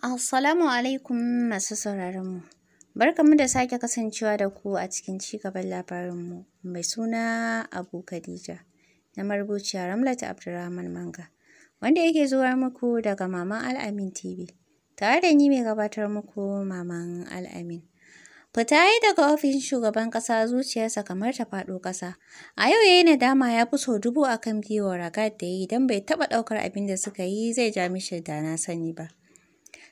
Assalamu alaikum masu sauraronmu. Barkanmu da sake kasancewa da ku a cikin ci cigaban labarinmu mai suna Abu Khadija na marubuciya Ramlat abdurrahman Manga wanda yake zuwa muku daga Maman Al'amin TV tare da ni mai gabatar muku Maman Al'amin. Fita yi daga ofishin shugaban ƙasa zuciyarsa kamar ta faɗo ƙasa. A yau yayi yi nadama ya fi so dubu akan kan wa ragat da ya yi don bai taɓa ɗaukar abin da suka yi zai ja mishi da na sani ba.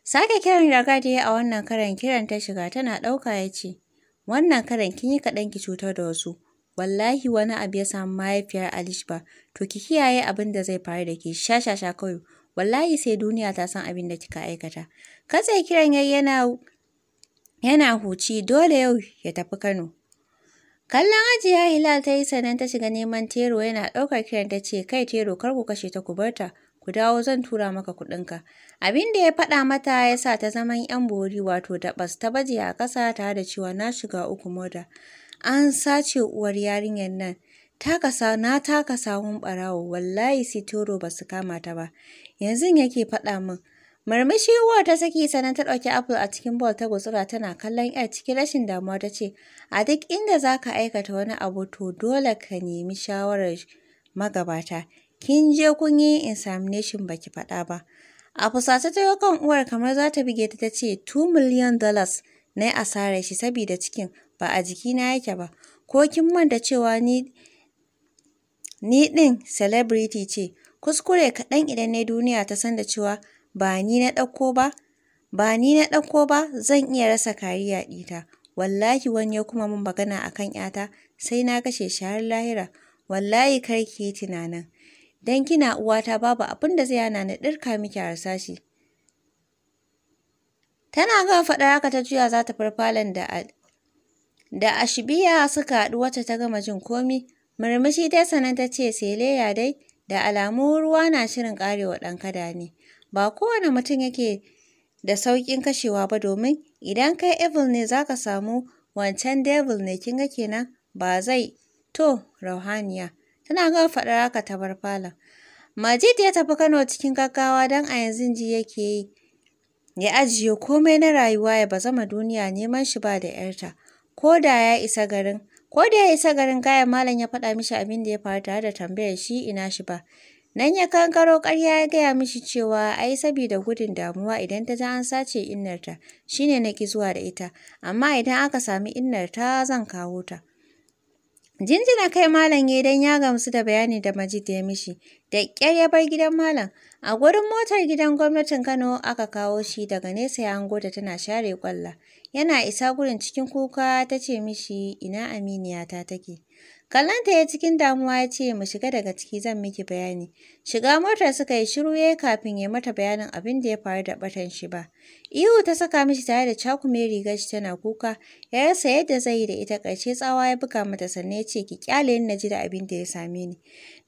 Sake kiran daga da ya a wannan karan kiran ta shiga tana ɗauka ya ce, Wannan karan kin yi kaɗan ki cutar da wasu. Wallahi wani abu ya samu mahaifiyar Alish ba, to ki kiyaye abin da zai faru da ke shashasha kawai. Wallahi sai duniya ta san abin da kika aikata. Katse kiran yayi yana yana huci dole yau ya tafi Kano. Kallon ajiya Hilal ta yi sannan ta shiga neman Tero yana ɗaukar kiran ta ce kai Tero kar ku kashe ta ku bar ku dawo zan tura maka kuɗinka. Abin da ya faɗa mata ya sa ta zaman ‘yan bori wato dabas, ta baje a ƙasa ta da cewa na shiga uku moda. An sace uwar yarinyar nan. kasa na taka mun ɓarawo wallahi sai toro ba su kama ta ba. Yanzu yake faɗa min. Marmashi uwar ta saki sanan ta ɗauki apple a cikin bol ta gutsura tana kallon ‘yar cikin rashin damuwa ta ce, A duk inda za ka aikata wani abu to dole ka nemi shawarar magabata. kin je kun yi insamination baki faɗa ba. A fusace ta kan uwar kamar za ta bige ta ta ce 2 million dollars na yi asarar shi sabida cikin ba a jiki na yake ba. Ko kin manta cewa ni ni ɗin celebrity ce, kuskure kaɗan idan ne duniya ta san da cewa ba ni na ɗauko ba, ba ni na ɗauko ba zan iya rasa kariya ɗita. Wallahi wani ya kuma min magana akan kan ‘yata sai na kashe shahar lahira, wallahi kar ki tunanin. Don kina uwata babu abin da zai hana ni ɗirka miki harsashi. Tana ga faɗa haka ta juya za ta farfalan da da ashibiya suka haɗu wacce ta gama jin komi, murmushi dai sanan ta ce seleya dai da alamu ruwa na shirin karewa ɗan kada ne. Ba kowane mutum yake da sauƙin kashewa ba domin idan kai evil ne za ka samu wancan devil ne kinga kenan ba zai to rauhaniya. Tana ga faɗar haka ta bar falon. Majid ya tafi Kano cikin gaggawa don a yanzu ji yake yi. Ya ajiye komai na rayuwa ya ba zama duniya neman shi ba da ‘yarta. Ko da ya isa garin, ko da ya isa garin gaya malam ya faɗa mishi abin da ya faru tare da tambayar shi ina shi ba. Nan ya kankaro ƙarya ya gaya mishi cewa ai sabida gudun damuwa idan ta ji an sace innarta shine na ki zuwa da ita, amma idan aka sami innarta zan kawo ta. Jinjina kai malam ya dan ya gamsu da bayani da Majid ya mishi, da ƙyar ya bar gidan malam. A gurin motar gidan gwamnatin Kano aka kawo shi daga nesa ya hango da tana share kwalla. Yana isa gurin cikin kuka ta ce mishi ina aminiyata take. Kallanta ya cikin damuwa ya ce mu shiga daga ciki zan miki bayani. Shiga motar suka yi shiru ya kafin ya mata bayanin abin da ya faru da batan shi ba. Ihu ta saka mishi tare da cakume rigar shi tana kuka, ya rasa yadda zai yi da ita ƙarshe tsawa ya buga mata sannan ya ce ki kyale ni na ji da abin da ya same ni.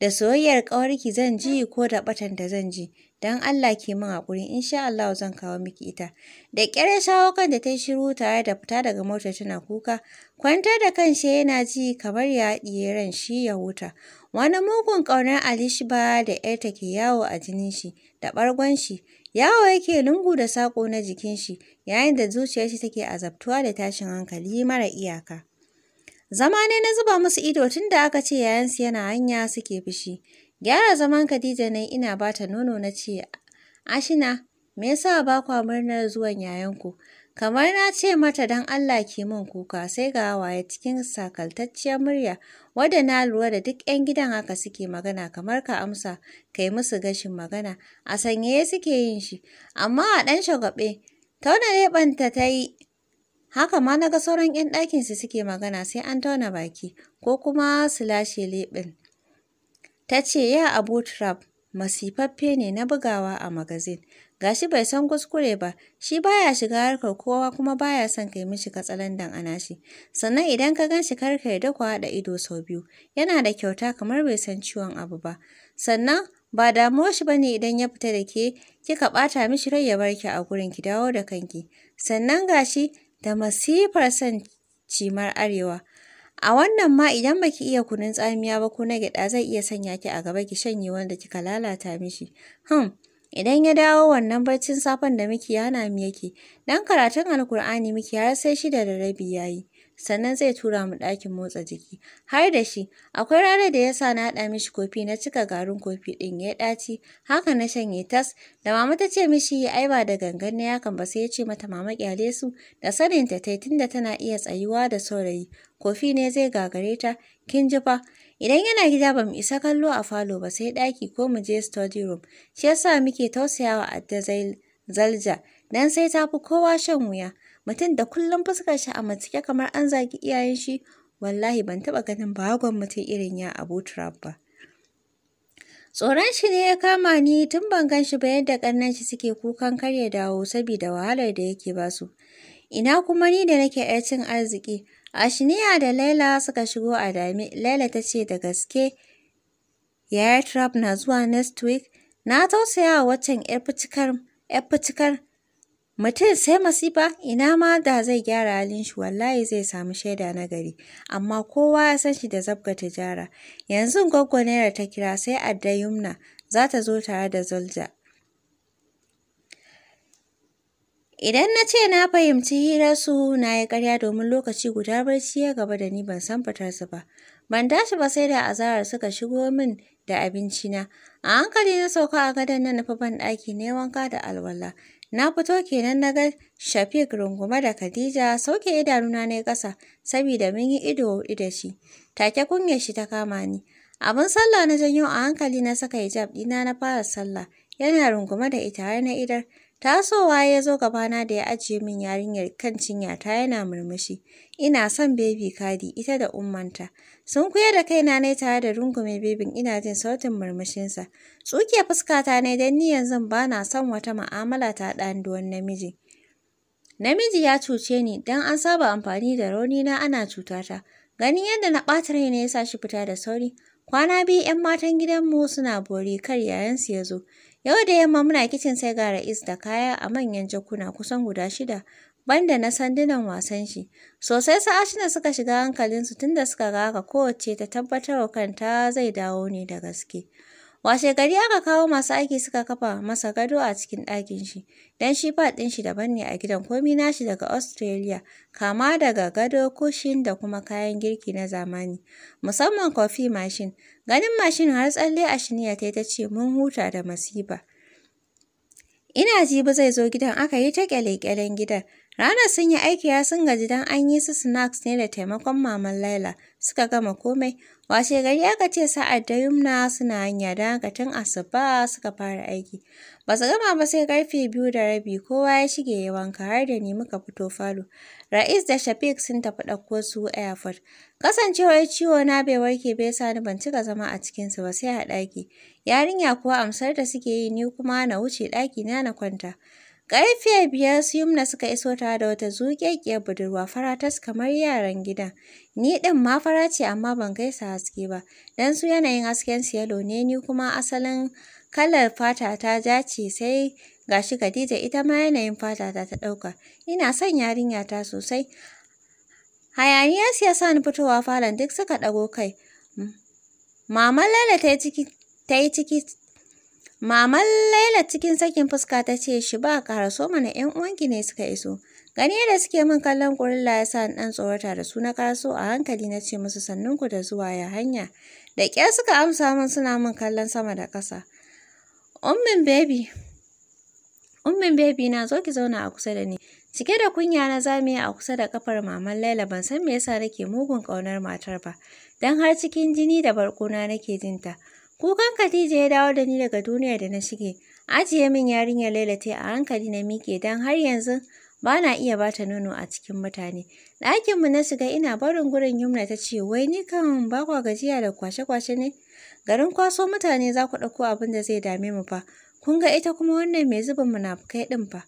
Da soyayyar ƙawarki zan ji ko da batan da zan ji. don Allah ke min haƙuri sha Allah zan kawo miki ita da ƙyar ya shawo da ta shiru tare da fita daga motar tana kuka kwantar da kan shi yana ji kamar ya ɗiye ran shi ya huta wani mugun ƙaunar alishba da ƴarta ke yawo a jinin shi da ɓargon shi yawo yake lungu da saƙo na jikin shi yayin da zuciyar shi take azabtuwa da tashin hankali mara iyaka zama ne na zuba musu ido tun da aka ce yayansu yana hanya suke fushi Gyara zaman Khadija ne ina ba ta nono na ce, Ashina, me yasa ba kwa murnar zuwan yayanku? Kamar na ce mata don Allah ki mun kuka sai ga hawaye cikin sakaltacciyar murya wadda na lura da duk 'yan gidan haka suke magana kamar ka amsa kai musu gashin magana a sanyaye suke yin shi amma a ɗan shagwaɓe tauna leɓanta ta yi haka ma na ga sauran 'yan ɗakinsu suke magana sai an tauna baki ko kuma su lashe leɓen. Ta ce, Ya Abu Trump, masifaffe ne na bugawa a magazin. Gashi bai san kuskure ba, shi baya shiga harkar kowa kuma baya son kai mishi katsalandan ana shi. Sannan idan ka gan shi kar ka yarda ku haɗa ido sau biyu, yana da kyauta kamar bai san ciwon abu ba. Sannan ba damuwa shi ne idan ya fita da ke kika ɓata mishi rai ya bar ki a gurin ki dawo da kanki. Sannan gashi da masifar son cimar arewa A wannan ma idan baki iya kunun tsamiya ba ko na gyaɗa zai iya sanya ki a gaba ki shanye wanda kika lalata mishi. Hmm, idan ya dawo wannan barcin safen da miki yana miyake, yake, dan karatun Alkur'ani miki har sai shida da rabi yayi. sannan zai tura mu ɗakin motsa jiki har da shi akwai ranar da ya sa na haɗa mishi kofi na cika garin kofi ɗin ya ɗaci haka na shanye tas da mama ta ce mishi ai ba da gangan na yakan ba sai ya ce mata mama kyale su da sanin ta tai tunda tana iya tsayuwa da saurayi kofi ne zai gagare ta kin ji fa Idan yana gida ba mu isa kallo a falo ba sai ɗaki ko mu je study room. Shi yasa muke tausayawa Adda Zalja, dan sai ta fi kowa shan wuya. mutum da kullum fuskar shi a matsike kamar an zagi iyayen shi wallahi ban taba ganin bagon mutum irin ya abu trap ba tsoron shi ne ya kama ni tun ban gan shi ba yadda ƙannan shi suke kukan kar ya dawo saboda wahalar da yake ba su. ina kuma ni da nake yar cin arziki ashiniya da laila suka shigo a dami laila ta ce da gaske yaya trap na zuwa next week na tausaya wa waccan yar fitikar Mutum sai masifa ina ma da zai gyara halin shi wallahi zai samu shaida na gari amma kowa ya san shi da zabga tijara yanzu gwaggo naira ta kira sai adda yumna za ta zo tare da zulja Idan na ce na fahimci hirarsu na yi karya domin lokaci guda barci ya gaba da ni ban san fitarsu ba. Ban dashi ba sai da azarar suka shigo min da abincina. A hankali na sauka a gadon na nufi ban ɗaki ne wanka da alwala. Na fito kenan na ga Shafiq rungume da Khadija sauke idanuna na ƙasa saboda mun yi ido da shi. Take kunyar shi ta kama ni. Abin sallah na janyo a hankali na saka hijab ɗina na fara sallah. Yana rungume da ita har na idar. Tasowa ya zo gabana da ya ajiye min yarinyar kan cinyata yana murmushi. Ina son beb'i Kadi ita da ummanta. Sun kuya da kaina ne tare da rungume bebin ina jin sautin murmushinsa. Tsuke fuskata ne don ni yanzu ba na son wata ma'amala ta ɗanduwan namiji. Namiji ya cuce ni don an saba amfani da rauni na ana cutata. Ganin yadda na ɓata rai ne ya sa shi fita da sauri. Kwana biyu 'yan matan gidanmu suna bori kar yayansu ya zo. Yau da yamma muna kicin sai ga Ra'is da kaya a manyan jakuna kusan guda shida, banda na sandunan wasan shi. Sosai sa'ashin da suka shiga hankalinsu tunda suka ga haka kowacce ta tabbatar wa kanta zai dawo ne da gaske. Washe gari aka kawo masu aiki suka kafa masa gado a cikin ɗakin shi, don shi ba ɗin shi daban ne a gidan komi nashi daga Australia, kama daga gado, kushin da kuma kayan girki na zamani, musamman kofi mashin. Ganin mashin har tsalle a shiniya tai ta ce mun huta da masifa. Ina jibi zai zo gidan aka yi ta ƙyale-ƙyalen gidan. Ranar sun yi aiki ya sun gaji don an yi su snacks ne da taimakon Maman Laila. Suka gama komai. Washe gari aka ce sa'ad da Yumna suna hanya don haka tun asuba suka fara aiki. Ba su gama ba sai karfe biyu da rabi kowa ya shige ya wanka har da ni muka fito falo. Ra'is da Shafiq sun tafi ɗauko su airport. Kasancewar ciwo na bai warke bai sa ni ban cika zama a cikinsu ba sai a ɗaki. Yarinya kuwa amsar da suke yi ni kuma na wuce ɗaki na na kwanta. Ƙarfe biyar su Yumna suka iso tare da wata zuƙeƙiyar budurwa faratas kamar yaran gida. Ni ɗin ma fara ce amma ban gaisa haske ba, Dan su yanayin hasken su yalo ne ni kuma asalin kalar fata ta ja ce sai ga shi Khadija ita ma yanayin fata ta ta ɗauka. Ina son yarinya ta sosai. Hayaniyar ya sa ni fitowa falon duk suka ɗago kai. Mama Lala ta yi ciki Maman Laila cikin sakin fuska ta ce shi ba so mana ‘yan uwanki ne suka iso. Gani da suke min kallon kurilla ya sa ɗan tsorata da su na karaso a hankali na ce musu ku da zuwa ya hanya. Da ƙyar suka amsa min suna min kallon sama da ƙasa. Ummin bebi ummin bebi na zo ki zauna a kusa da ni. Cike da kunya na zame a kusa da kafar maman Laila ban san me yasa nake mugun ƙaunar matar ba. Dan har cikin jini da barkona nake jinta. Kukan Khadija ya dawo da ni daga duniya da na shige. Ajiye min yarinyar lailate a hankali na miƙe don har yanzu ba na iya ba ta nono a cikin mutane. Ɗakinmu na shiga ina barin gurin yumna ta ce wai ni kan ba gajiya da kwashe-kwashe ne? Garin kwaso mutane za ku ɗauko abin da zai dame mu fa. Kun ga ita kuma wannan mai zubin munafukai ɗin fa.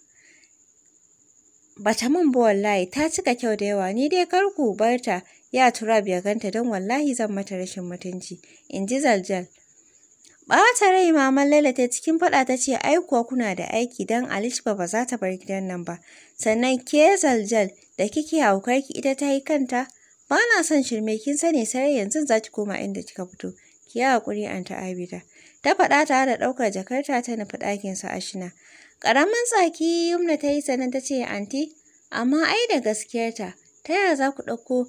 Bata min ba wallahi ta cika kyau da yawa ni dai kar ku bar ya turab ya ganta don wallahi zan mata rashin mutunci in ji zaljal. Ɓata rai maman Laila ta cikin faɗa ta ce ai kuwa kuna da aiki don Alishba ba za ta bar gidan nan ba. Sannan ke zaljal da kike haukar ki ita ta yi kanta. Ba na son shirme kin sani sai yanzu za ki koma inda kika fito. Ki yi an ta Abida. Ta faɗa ta da ɗaukar jakarta ta nufi ɗakinsa ashina. karamin tsaki Yumna ta yi sannan ta ce anti amma ai da gaskiyarta ta yaya za ku ɗauko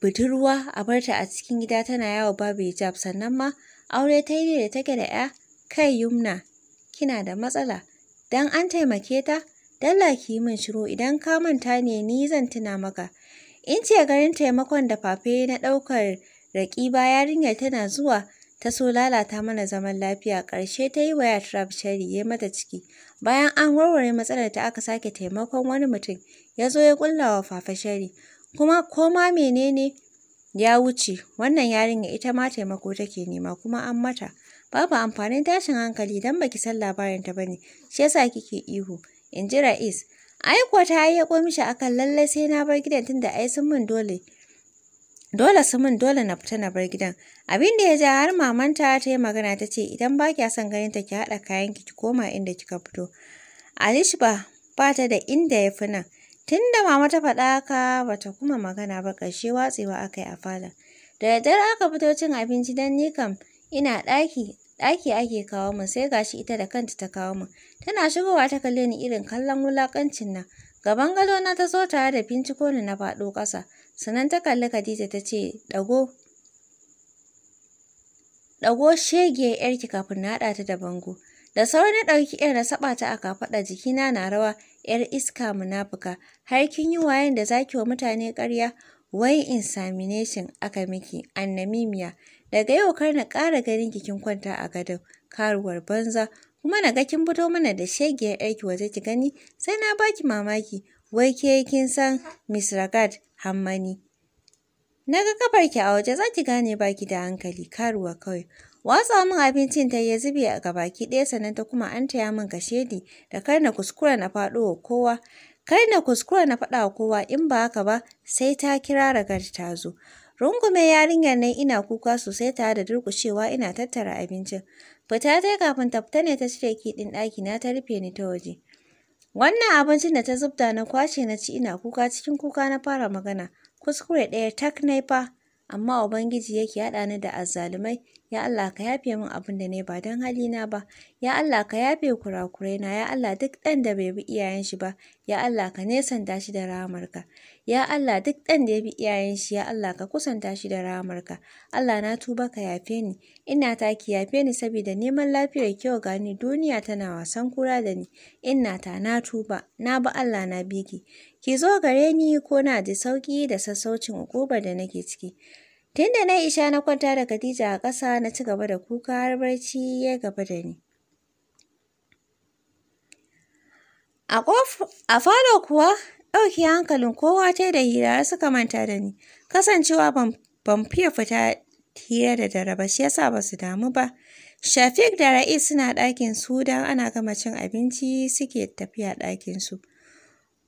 budurwa a barta a cikin gida tana yawo babu hijab sannan ma aure ta yi ne da take da ya kai yumna kina da matsala dan an taimake ta dalla ki yi min shiru idan ka manta ne ni zan tuna maka in ce garin taimakon da fafe na ɗaukar raƙi ba yarinyar tana zuwa ta so lalata mana zaman lafiya ƙarshe ta yi wa yatrab shari ya mata ciki bayan an warware matsalar ta aka sake taimakon wani mutum ya zo ya ƙulla wa fafe shari kuma koma menene ya wuce, wannan yarinyar ita ma taimako take nema kuma an mata. Babu amfanin tashin hankali dan baki san labarinta ba ne, shi yasa kike ihu, Inji Ra'is. Ai kuwa ta ko mishi akan lallai sai na bar gidan tunda ai sun min dole. Dole su min dole na fita na bar gidan. Abin da ya ja har mamanta ta yi magana ta ce idan ba kya son ganin ta ki haɗa kayan ki koma inda kika fito. Alishba ba ta da inda ya fi nan. Tun da mama ta faɗa ka, ba ta kuma magana ba ƙarshe watsewa aka yi a fada. Da daddare aka fito cin abinci don ni kam ina ɗaki ɗaki ake kawo min sai gashi ita da kanta ta kawo min. Tana shigowa ta kalle ni irin kallon wulaƙancin nan. Gaban gado na ta zo tare da binciko ni na faɗo ƙasa. Sannan ta kalli Khadija ta ce ɗago ɗago shegiyar ‘yarki kafin na haɗa ta da bango. Da sauri na ɗauki ‘yar na saɓa ta a kafaɗa jikina na rawa 'yar iska munafuka, har kin yi wayan da zaki wa mutane ƙarya? Wai insamination aka miki, annamimiya. Daga yau kar na ƙara ganin ki kin kwanta a gadon, karuwar banza. Kuma na ga kin fito mana da shegiyar 'yarki waje ki gani, sai na baki mamaki. Wai ke kin san Miss Ragad Hammani. Na ga ki a waje za ki gane baki da hankali, karuwa kawai. Watsa min abincin ta ya zube a gabaki ɗaya sannan ta kuma an taya min kashedi da kar na kuskura na faɗo wa kowa. Kar na kuskura na faɗa wa kowa in ba haka ba sai ta kira ragar ta zo. Rungume yarinyar nan ina kuka sosai tare da durƙushewa ina tattara abincin. Fita ta kafin ta fita ne ta cire kiɗin ɗaki na ta rufe ni ta waje. Wannan abincin da ta zubta na kwashe na ci ina kuka cikin kuka na fara magana. Kuskure ɗaya tak na fa. amma Ubangiji yake haɗa ni da azzalumai, ya Allah ka yafe min abin da ne ba don halina ba, ya Allah ka yafe kurakuraina, ya Allah duk ɗan da bai bi iyayen shi ba, ya Allah ka nesanta shi da rahamarka. Ya Allah duk ɗan da ya bi iyayen shi ya Allah ka kusanta shi da rahamarka. Allah na tuba ka yafe ni. Ina ta ki yafe ni saboda neman lafiyar kyau gani duniya tana wasan kura da ni. Ina ta na tuba na bi Allah na biki. Ki zo gare ni ko na ji sauki da sassaucin ukuba da nake ciki. Tun da na isha na kwanta da Khadija a ƙasa na ci gaba da kuka har barci ya gaba da ni. A falo kuwa Ɗauki hankalin kowa ta da hira suka manta da ni. Kasancewa ban fiye fita hira da dare ba shi yasa ba su damu ba. Shafiq da Ra'is suna ɗakin su don ana gama cin abinci suke tafiya ɗakin su.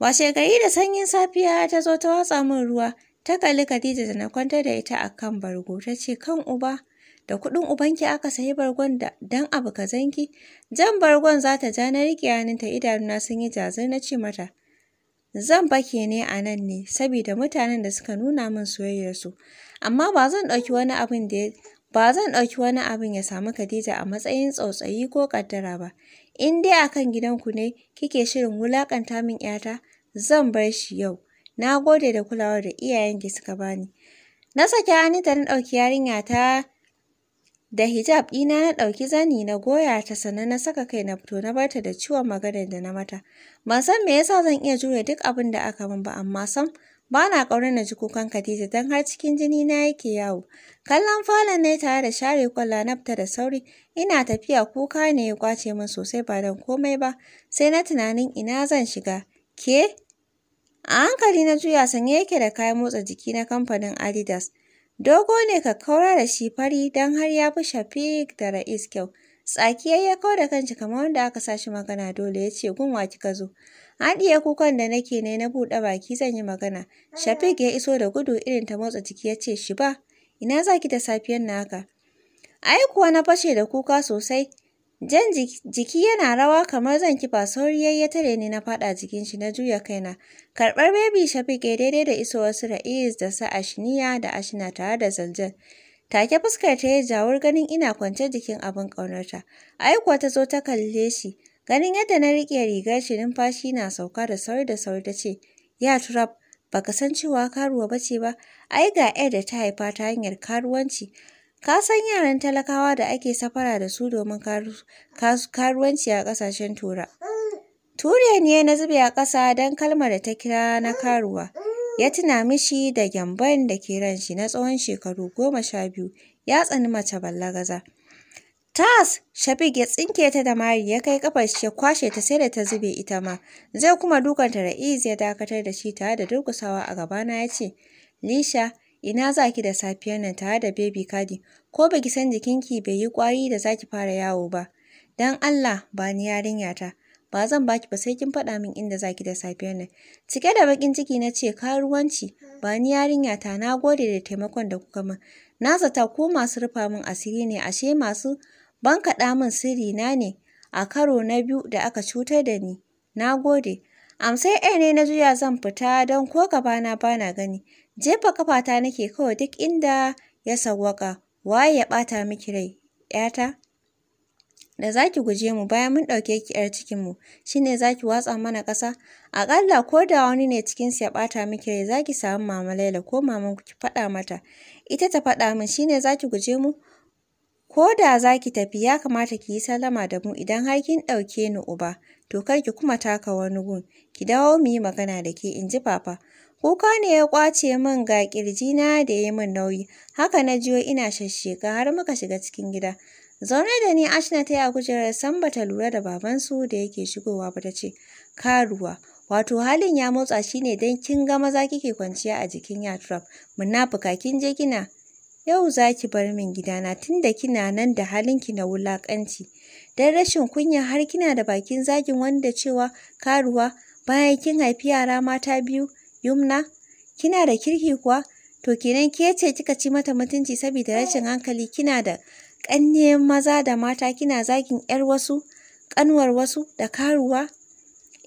Washe gari da sanyin safiya ta zo ta watsa min ruwa ta kalli Khadija da na kwantar da ita a kan bargo ta ce kan uba da kuɗin ubanki aka sayi bargon da dan abu ka zanki jan bargon za ta ja na riƙe hannunta idanuna sun yi jazir na ce mata Zan bake ne a nan ne saboda mutanen da suka nuna min soyayyarsu, amma ba zan ɗauki wani abin da ba zan ɗauki wani abin ya samu Khadija a matsayin tsautsayi ko ƙaddara ba. In dai a kan gidanku ne kike shirin wulaƙanta min 'yata, zan bar shi yau. Na gode da kulawar da iyayenki suka bani. Na saki hannu da na ɗauki ta. Da hijab ɗina na ɗauki zani na goya ta sannan na saka kai na fito na barta da ciwon maganar da na mata. Ban san me yasa zan iya jure duk abin da aka min ba amma san ba na ƙaunar na ji kukan Khadija don har cikin jini na yake yawo. Kallon falon ne tare da share kwalla na fita da sauri ina tafiya kuka ne ya kwace min sosai ba don komai ba sai na tunanin ina zan shiga. Ke? A hankali na juya sanye yake da kayan motsa jiki na kamfanin Adidas. Dogo ne ka kaura da shi fari don har ya fi Shafiq da Ra'is kyau. Tsaki ya kawo da kanci kamar wanda aka sa shi magana dole ya ce gunwa kika zo. Haɗiye kukan da nake ne na buɗe baki zan yi magana. Shafiq ya iso da gudu irin ta motsa jiki ya ce shi ba. Ina za ki da safiyan na haka? Ai kuwa na fashe da kuka sosai. Jan jiki yana rawa kamar zan kifa sauri ya tare ni na faɗa jikin shi na juya kaina. Karɓar baby shafike daidai da isowar su Ra'is da sa Ashniya da Ashina, tare da Zaljal. Take fuskar ta ya jawur ganin ina kwance jikin abin ƙaunarta. Ai kuwa ta zo ta kalle shi. Ganin yadda na riƙe rigar shi numfashi na sauka da sauri da sauri ta ce, Ya Turab, baka san cewa karuwa bace ba, ai ga da ta haifa ta hanyar karuwanci. Ka san yaran talakawa da ake safara da su domin karuwanci a ƙasashen Tura. Ture ne na zube a ƙasa don kalmar da ta kira na karuwa. Ya tuna mishi da gyamban da ke ran shi na tsawon shekaru goma sha biyu ya tsani mace ballagaza. Tas! Shafiq ya tsinke ta da mari ya kai kafar shi ya kwashe ta sai da ta zube ita ma. Zai kuma dukanta da ya dakatar da shi tare da durkusawa a gabana ya ce, Lisha, ina za ki da safiyar nan tare da baby kadi ko baki ki san jikinki bai yi ƙwari da zaki fara yawo ba dan Allah ba ni yarinya ta ba zan baki ba sai kin faɗa min inda zaki da safiyar nan cike da bakin ciki na ce karuwanci ba ni yarinya ta na gode da taimakon da kuka min na zata ko masu rufa min asiri ne ashe masu bankaɗa min sirri na ne a karo na biyu da aka cutar da ni na gode amsai ne na juya zan fita don ko gabana bana gani Jefa ƙafata nake kawai duk inda ya sawwaka Waye ya bata miki rai, ‘yata? Da za guje mu bayan mun ɗauke ki ‘yar cikinmu, shi ne za watsa mana ƙasa? Aƙalla ko da wani ne cikinsu ya bata miki rai, za samu Mama Laila ko ku ki faɗa mata. Ita ta faɗa min shine ne ki guje mu? Ko da zaki tafi ya kamata ki yi sallama da mu idan har kin ɗauke ni uba, to kar ki kuma taka wani gun, ki dawo mu yi magana da ke, in Papa. Kuka ne ya kwace min ga na da ya min nauyi, haka na jiyo ina shashsheka har muka shiga cikin gida. Zaune da ni Ashna ta yi a kujerar san ba lura da babansu da yake shigowa ba ta ce, Karuwa, wato halin ya motsa shi ne don kin ga maza kike kwanciya a jikin yatrap, munafuka kin je gina Yau za ki bar min gidana tun da kina nan da halinki na wulaƙanci. Don rashin kunya har kina da bakin zagin wanda cewa karuwa bayan kin haifi yara mata biyu Yumna, kina da kirki kuwa? To kenan ke ce kika ci mata mutunci saboda rashin hankali kina da kanne maza da mata kina zagin ‘yar wasu, ƙanwar wasu da karuwa.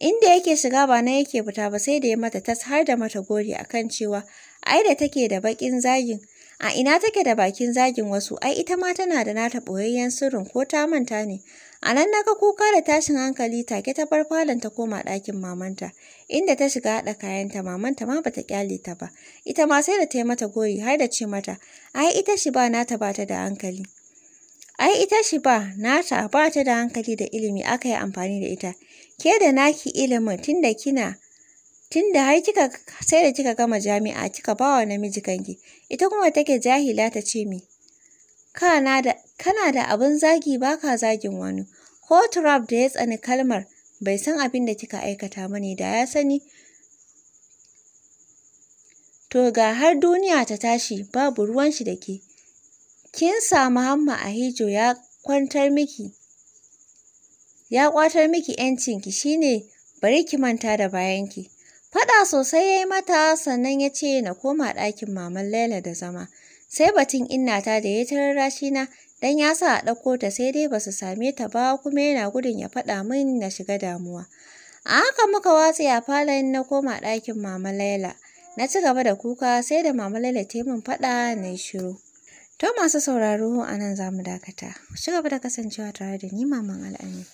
Inda yake shiga ba na yake fita ba sai da ya mata tas har da mata gori akan cewa ai da take da bakin zagin. A ina take da bakin zagin wasu ai ita ma tana da nata ɓoyayyen sirrin ko ta manta ne. A nan na ga kuka da tashin hankali take ta bar falon ta koma ɗakin mamanta, inda ta shiga haɗa kayanta mamanta ma bata kyale ta ba. Ita ma sai da ta yi mata gori har da ce mata, ai ita shi ba nata ba ta da hankali. Ai ita shi ba nata ba ta da hankali da ilimi aka yi amfani da ita. Ke da naki ilimin da kina da har kika sai da kika gama jami'a kika ba wa namiji kanki. Ita kuma take jahila ta ce me? kana da abin zagi ba ka zagin wani. Ko trap da ya tsani kalmar bai san abin da kika aikata ba da ya sani. To ga har duniya ta tashi babu ruwan shi da ke. Kin samu hamma a hijo ya kwantar miki. Ya kwatar miki yancin ki shine bari ki manta da bayanki. Faɗa sosai yayi mata sannan ya ce na koma ɗakin maman Laila da zama. sai batun innata da ya tararrashi na dan ya sa a ɗauko ta sai dai ba su same ta ba kuma yana gudun ya faɗa min na shiga damuwa. A haka muka watsa ya falon na koma ɗakin Mama Laila. Na ci gaba da kuka sai da Mama Laila ta min faɗa na yi shiru. To masu sauraro a nan za mu dakata. Ci gaba da kasancewa tare da ni Maman Al'amin.